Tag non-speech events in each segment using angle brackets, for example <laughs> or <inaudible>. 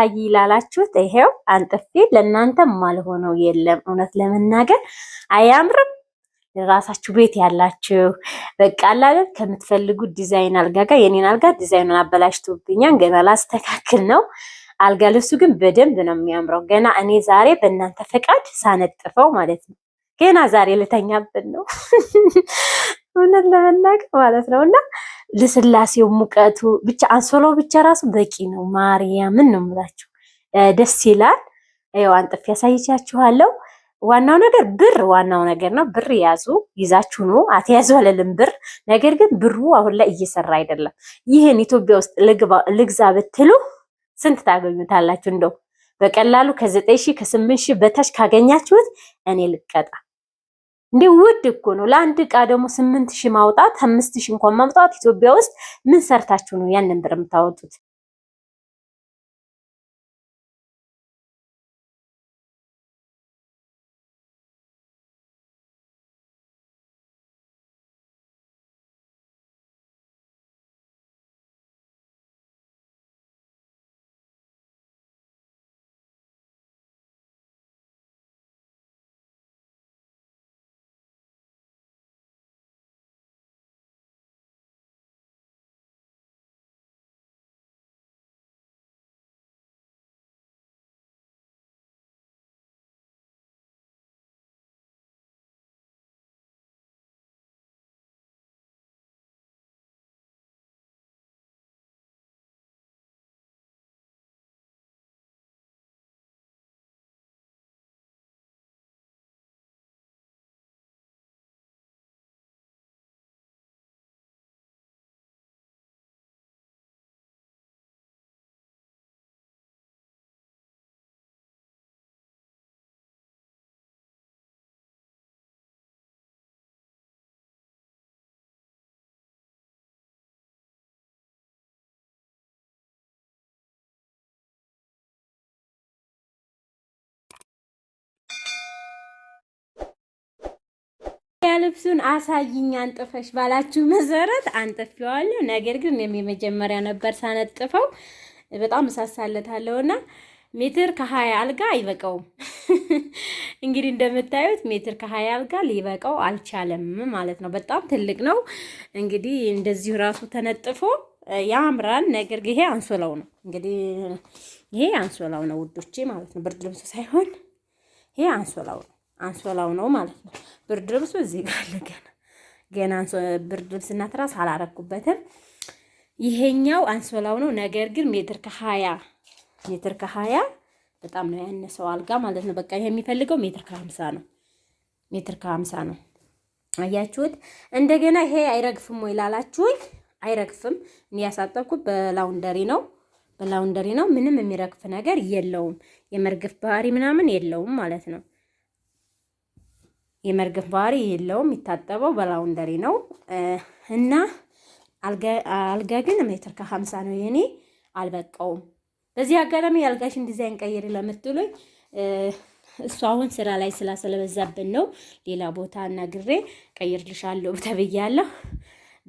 አሳይ ላላችሁት ይሄው አንጥፌ ለእናንተ ማልሆነው የለም። እውነት ለመናገር አያምርም? የራሳችሁ ቤት ያላችሁ በቃ አላለን ከምትፈልጉት ዲዛይን አልጋ ጋር የኔን አልጋ ዲዛይኑን አበላሽቶብኛን ገና ላስተካክል ነው። አልጋ ልብሱ ግን በደንብ ነው የሚያምረው። ገና እኔ ዛሬ በእናንተ ፈቃድ ሳነጥፈው ማለት ነው። ገና ዛሬ ልተኛብን ነው <laughs> እውነት ለመናገር ማለት ነው እና ልስላሴው፣ ሙቀቱ ብቻ አንሶላው ብቻ ራሱ በቂ ነው። ማርያምን ነው የምላችሁ፣ ደስ ይላል። ያው አንጥፍ ያሳይቻችኋለሁ። ዋናው ነገር ብር ዋናው ነገር ነው። ብር ያዙ ይዛችሁ ነው አትያዙ አለልም ብር። ነገር ግን ብሩ አሁን ላይ እየሰራ አይደለም። ይህን ኢትዮጵያ ውስጥ ልግዛ ብትሉ ስንት ታገኙታላችሁ? እንደው በቀላሉ ከዘጠኝ ሺህ ከስምንት ሺህ በታች ካገኛችሁት እኔ ልቀጣ እንዴ ውድ እኮ ነው። ለአንድ እቃ ደግሞ ስምንት ሺህ ማውጣት አምስት ሺህ እንኳን ማምጣት ኢትዮጵያ ውስጥ ምን ሰርታችሁ ነው ያንን ብር የምታወጡት? ልብሱን አሳይኝ አንጥፈሽ ባላችሁ መሰረት አንጥፌዋለሁ። ነገር ግን እኔም የመጀመሪያ ነበር ሳነጥፈው በጣም እሳሳለታለሁና ሜትር ከሀያ አልጋ አይበቃውም። <laughs> እንግዲህ እንደምታዩት ሜትር ከሀያ አልጋ ሊበቃው አልቻለም ማለት ነው። በጣም ትልቅ ነው። እንግዲህ እንደዚሁ ራሱ ተነጥፎ ያምራል። ነገር ግን ይሄ አንሶላው ነው። እንግዲህ ይሄ አንሶላው ነው ውዶቼ ማለት ነው። ብርድ ልብሱ ሳይሆን ይሄ አንሶላው ነው። አንሶላው ነው ማለት ነው። ብርድ ልብሱ እዚህ ጋር አለ ገና ገና አንሶ ብርድ ልብስና ትራስ አላረኩበትም። ይሄኛው አንሶላው ነው። ነገር ግን ሜትር ከሀያ ሜትር ከሀያ በጣም ነው ያነሰው አልጋ ማለት ነው። በቃ ይሄ የሚፈልገው ሜትር ከሀምሳ ነው። ሜትር ከሀምሳ ነው። አያችሁት? እንደገና ይሄ አይረግፍም ወይ ላላችሁኝ፣ አይረግፍም። እኔ ያሳጠብኩት በላውንደሪ ነው በላውንደሪ ነው። ምንም የሚረግፍ ነገር የለውም። የመርግፍ ባህሪ ምናምን የለውም ማለት ነው። የመርገፍ ባህሪ የለውም። የሚታጠበው በላውንደሪ ነው እና አልጋ ግን ሜትር ከሀምሳ ነው የኔ አልበቃውም። በዚህ አጋጣሚ የአልጋሽን ዲዛይን ቀይር ለምትሉኝ እሱ አሁን ስራ ላይ ስላስለበዛብን ነው። ሌላ ቦታ እና ግሬ ቀይርልሻለሁ ተብያለሁ።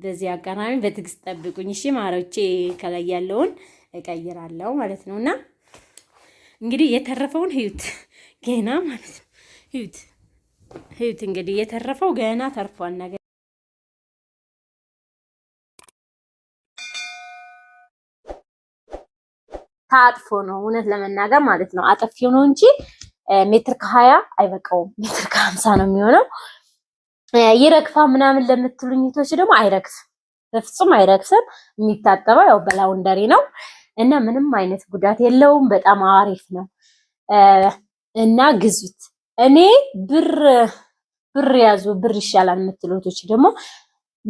በዚህ አጋጣሚ በትዕግስት ጠብቁኝ እሺ ማሮቼ። ከላይ ያለውን እቀይራለሁ ማለት ነው እና እንግዲህ የተረፈውን ህዩት ገና ማለት ነው ህዩት ህዩት እንግዲህ የተረፈው ገና ተርፏል ነገር ታጥፎ ነው እውነት ለመናገር ማለት ነው። አጠፊው ነው እንጂ ሜትር ከሀያ አይበቃውም። ሜትር ከሀምሳ ነው የሚሆነው። ይረግፋ ምናምን ለምትሉኝ ደግሞ አይረግፍም፣ በፍጹም አይረግፍም። የሚታጠበው ያው በላውንደሪ ነው እና ምንም አይነት ጉዳት የለውም። በጣም አሪፍ ነው እና ግዙት። እኔ ብር ብር ያዙ ብር ይሻላል የምትሉቶች ደግሞ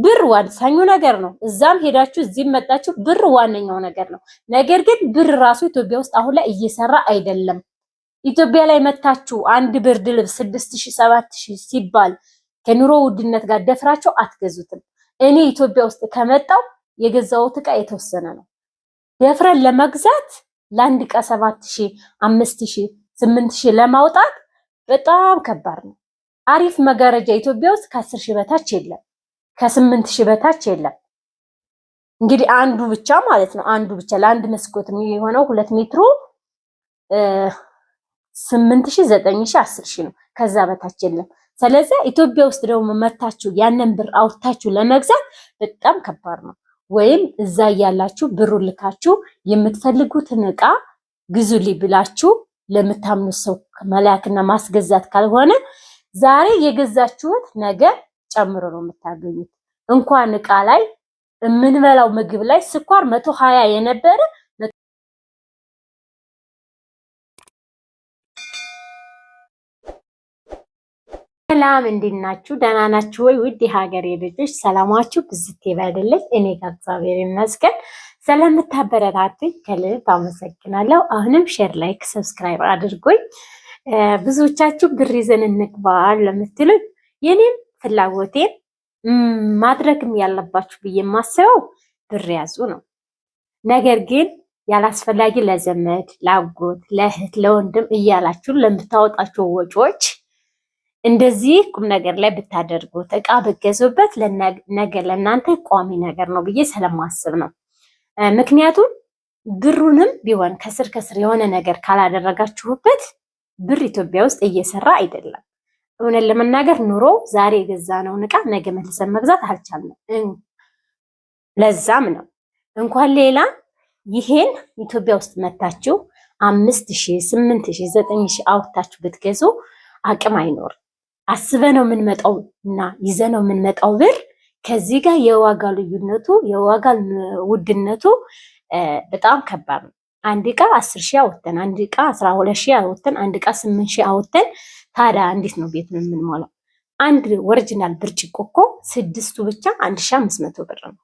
ብር ወሳኙ ነገር ነው። እዛም ሄዳችሁ እዚህም መጣችሁ ብር ዋነኛው ነገር ነው። ነገር ግን ብር ራሱ ኢትዮጵያ ውስጥ አሁን ላይ እየሰራ አይደለም። ኢትዮጵያ ላይ መታችሁ አንድ ብርድ ልብስ ስድስት ሺህ ሰባት ሺህ ሲባል ከኑሮ ውድነት ጋር ደፍራቸው አትገዙትም። እኔ ኢትዮጵያ ውስጥ ከመጣው የገዛሁት እቃ የተወሰነ ነው። ደፍረን ለመግዛት ለአንድ ዕቃ ሰባት ሺህ አምስት ሺህ ስምንት ሺህ ለማውጣት በጣም ከባድ ነው። አሪፍ መጋረጃ ኢትዮጵያ ውስጥ ከአስር ሺህ በታች የለም፣ ከስምንት ሺህ በታች የለም። እንግዲህ አንዱ ብቻ ማለት ነው። አንዱ ብቻ ለአንድ መስኮት የሆነው ሁለት ሜትሩ ስምንት ሺህ ዘጠኝ ሺህ አስር ሺህ ነው። ከዛ በታች የለም። ስለዚህ ኢትዮጵያ ውስጥ ደግሞ መታችሁ ያንን ብር አውጥታችሁ ለመግዛት በጣም ከባድ ነው። ወይም እዛ እያላችሁ ብሩ ልካችሁ የምትፈልጉትን እቃ ግዙልኝ ብላችሁ ለምታምኑ ሰው መላክና ማስገዛት ካልሆነ ዛሬ የገዛችሁት ነገ ጨምሮ ነው የምታገኙት። እንኳን እቃ ላይ የምንበላው ምግብ ላይ ስኳር መቶ ሀያ የነበረ ሰላም እንዴት ናችሁ? ደህና ናችሁ ወይ? ውድ የሀገሬ ልጆች ሰላማችሁ ብዝት ይበልልኝ። እኔ ጋር እግዚአብሔር ይመስገን። ስለምታበረታቱኝ ከልብ አመሰግናለሁ። አሁንም ሼር፣ ላይክ፣ ሰብስክራይብ አድርጎኝ ብዙዎቻችሁ ብር ይዘን እንግባል ለምትሉኝ የኔም ፍላጎቴን ማድረግም ያለባችሁ ብዬ የማስበው ብር ያዙ ነው። ነገር ግን ያላስፈላጊ ለዘመድ፣ ላጎት ለእህት፣ ለወንድም እያላችሁ ለምታወጣቸው ወጪዎች እንደዚህ ቁም ነገር ላይ ብታደርጉት እቃ ብገዙበት ነገ ለእናንተ ቋሚ ነገር ነው ብዬ ስለማስብ ነው። ምክንያቱም ብሩንም ቢሆን ከስር ከስር የሆነ ነገር ካላደረጋችሁበት ብር ኢትዮጵያ ውስጥ እየሰራ አይደለም። እውነት ለመናገር ኑሮ ዛሬ የገዛነውን ዕቃ ነገ መልሰን መግዛት አልቻልንም። ለዛም ነው እንኳን ሌላ ይሄን ኢትዮጵያ ውስጥ መታችሁ አምስት ሺህ ስምንት ሺ ዘጠኝ ሺ አውጥታችሁ ብትገዙ አቅም አይኖርም። አስበነው የምንመጣው እና ይዘነው የምንመጣው ብር ከዚህ ጋር የዋጋ ልዩነቱ የዋጋ ውድነቱ በጣም ከባድ ነው። አንድ ዕቃ አስር ሺህ አወተን አንድ እቃ አስራ ሁለት ሺህ አወጥተን አንድ እቃ ስምንት ሺህ አወተን ታዲያ እንዴት ነው ቤት የምንሞላው? አንድ ወርጅናል ብርጭቆ እኮ ስድስቱ ብቻ አንድ ሺህ አምስት መቶ ብር ነው።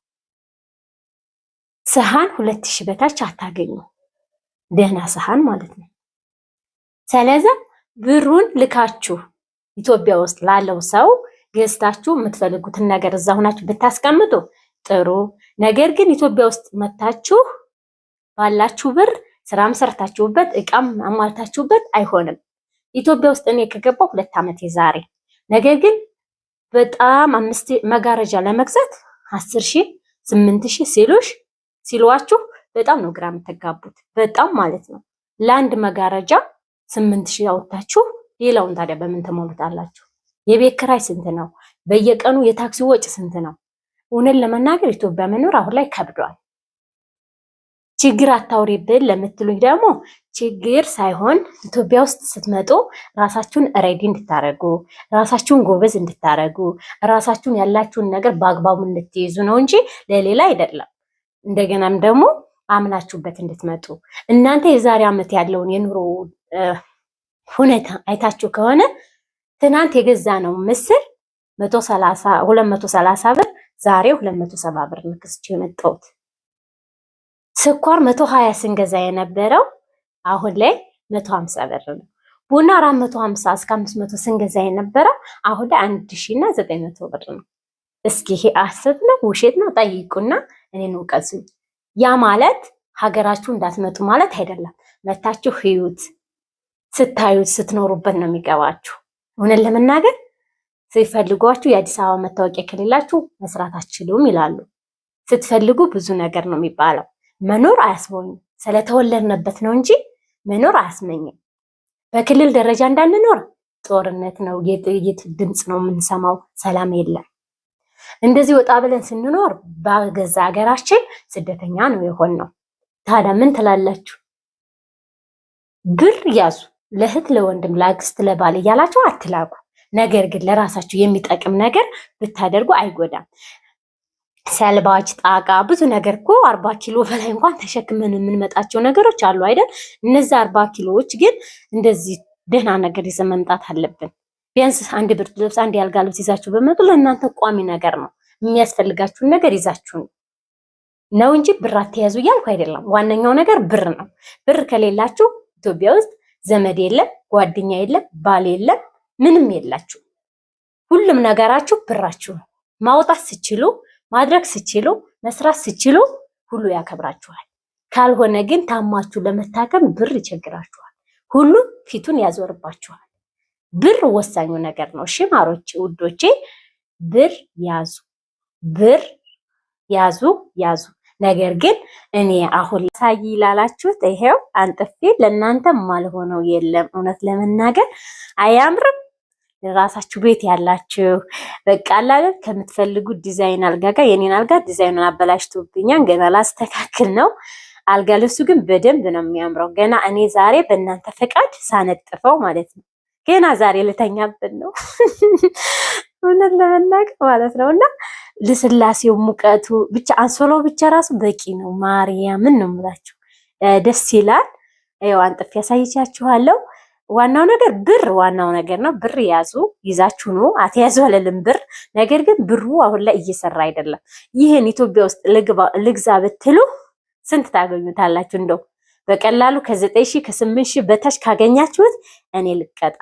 ሰሃን ሁለት ሺህ በታች አታገኙ፣ ደህና ሰሃን ማለት ነው። ስለዛ ብሩን ልካችሁ ኢትዮጵያ ውስጥ ላለው ሰው ገዝታችሁ የምትፈልጉትን ነገር እዛ ሁናችሁ ብታስቀምጡ ጥሩ። ነገር ግን ኢትዮጵያ ውስጥ መታችሁ ባላችሁ ብር ስራም ሰርታችሁበት እቃም አሟልታችሁበት አይሆንም። ኢትዮጵያ ውስጥ እኔ ከገባው ሁለት ዓመት የዛሬ ነገር ግን በጣም አምስት መጋረጃ ለመግዛት አስር ሺህ ስምንት ሺህ ሲሉሽ ሲሏችሁ በጣም ነው ግራ የምትጋቡት። በጣም ማለት ነው ለአንድ መጋረጃ ስምንት ሺህ አውጥታችሁ ሌላውን ታዲያ በምን ትሞሉታላችሁ? የቤት ክራይ ስንት ነው? በየቀኑ የታክሲ ወጪ ስንት ነው? እውነት ለመናገር ኢትዮጵያ መኖር አሁን ላይ ከብዷል። ችግር አታውሪብን ለምትሉኝ ደግሞ ችግር ሳይሆን ኢትዮጵያ ውስጥ ስትመጡ ራሳችሁን ሬዲ እንድታረጉ ራሳችሁን ጎበዝ እንድታረጉ ራሳችሁን ያላችሁን ነገር በአግባቡ እንድትይዙ ነው እንጂ ለሌላ አይደለም። እንደገናም ደግሞ አምናችሁበት እንድትመጡ እናንተ የዛሬ ዓመት ያለውን የኑሮ ሁኔታ አይታችሁ ከሆነ ትናንት የገዛ ነው ምስር 130 230 ብር ዛሬ 270 ብር ንክስቼ የመጣሁት። ስኳር 120 ስንገዛ የነበረው አሁን ላይ 150 ብር ነው። ቡና 450 እስከ 500 ስንገዛ የነበረው አሁን ላይ 1000 እና 900 ብር ነው። እስኪ ይሄ ሐሰት ነው ውሸት ነው ጠይቁና እኔን ውቀሱ። ያ ማለት ሀገራችሁ እንዳትመጡ ማለት አይደለም። መታችሁ ህዩት ስታዩት ስትኖሩበት ነው የሚገባችሁ። እውነት ለመናገር ሲፈልጓችሁ የአዲስ አበባ መታወቂያ ከሌላችሁ መስራት አትችሉም ይላሉ። ስትፈልጉ ብዙ ነገር ነው የሚባለው። መኖር አያስመኝም ስለተወለድነበት ነው እንጂ መኖር አያስመኝም። በክልል ደረጃ እንዳንኖር ጦርነት ነው፣ የጥይት ድምፅ ነው የምንሰማው፣ ሰላም የለም። እንደዚህ ወጣ ብለን ስንኖር በገዛ ሀገራችን ስደተኛ ነው የሆን ነው። ታዲያ ምን ትላላችሁ? ብር ያዙ፣ ለእህት፣ ለወንድም፣ ለአግስት ለባል እያላቸው አትላኩ። ነገር ግን ለራሳችሁ የሚጠቅም ነገር ብታደርጉ አይጎዳም። ሰልባች፣ ጣቃ፣ ብዙ ነገር እኮ አርባ ኪሎ በላይ እንኳን ተሸክመን የምንመጣቸው ነገሮች አሉ አይደል? እነዚህ አርባ ኪሎዎች ግን እንደዚህ ደህና ነገር ይዘን መምጣት አለብን። ቢያንስ አንድ ብርድ ልብስ፣ አንድ ያልጋ ልብስ ይዛችሁ በመጡ ለእናንተ ቋሚ ነገር ነው። የሚያስፈልጋችሁን ነገር ይዛችሁ ነው ነው እንጂ ብር አትያዙ እያልኩ አይደለም። ዋነኛው ነገር ብር ነው። ብር ከሌላችሁ ኢትዮጵያ ውስጥ ዘመድ የለም፣ ጓደኛ የለም፣ ባል የለም፣ ምንም የላችሁ። ሁሉም ነገራችሁ ብራችሁ ነው። ማውጣት ስችሉ፣ ማድረግ ስችሉ፣ መስራት ስችሉ ሁሉ ያከብራችኋል። ካልሆነ ግን ታማችሁ ለመታከም ብር ይቸግራችኋል። ሁሉም ፊቱን ያዞርባችኋል። ብር ወሳኙ ነገር ነው። ሽማሮች ውዶቼ ብር ያዙ፣ ብር ያዙ፣ ያዙ። ነገር ግን እኔ አሁን ሳይ ላላችሁት ይሄው አንጥፌ ለእናንተ ማልሆነው የለም። እውነት ለመናገር አያምርም? ራሳችሁ ቤት ያላችሁ በቃ አላለን ከምትፈልጉ ዲዛይን አልጋ ጋር የኔን አልጋ ዲዛይኑን አበላሽቶብኛን ገና ላስተካክል ነው። አልጋ ልብሱ ግን በደንብ ነው የሚያምረው። ገና እኔ ዛሬ በእናንተ ፈቃድ ሳነጥፈው ማለት ነው። ገና ዛሬ ልተኛብን ነው <laughs> እውነት ለመናገር ማለት ነው እና ልስላሴው ሙቀቱ ብቻ አንሶሎ ብቻ ራሱ በቂ ነው። ማርያምን ነው የምላችሁ፣ ደስ ይላል። ያው አንጥፍ ያሳይቻችኋለሁ። ዋናው ነገር ብር ዋናው ነገር ነው። ብር ያዙ፣ ይዛችሁ ነው አትያዙ አለልም ብር። ነገር ግን ብሩ አሁን ላይ እየሰራ አይደለም። ይህን ኢትዮጵያ ውስጥ ልግዛ ብትሉ ስንት ታገኙታላችሁ? እንደው በቀላሉ ከዘጠኝ ሺህ ከስምንት ሺህ በታች ካገኛችሁት እኔ ልቀጣ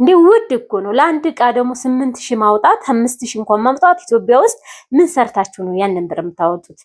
እንዴ ውድ እኮ ነው። ለአንድ እቃ ደግሞ ስምንት ሺህ ማውጣት አምስት ሺህ እንኳን ማምጣት ኢትዮጵያ ውስጥ ምን ሰርታችሁ ነው ያንን ብር የምታወጡት?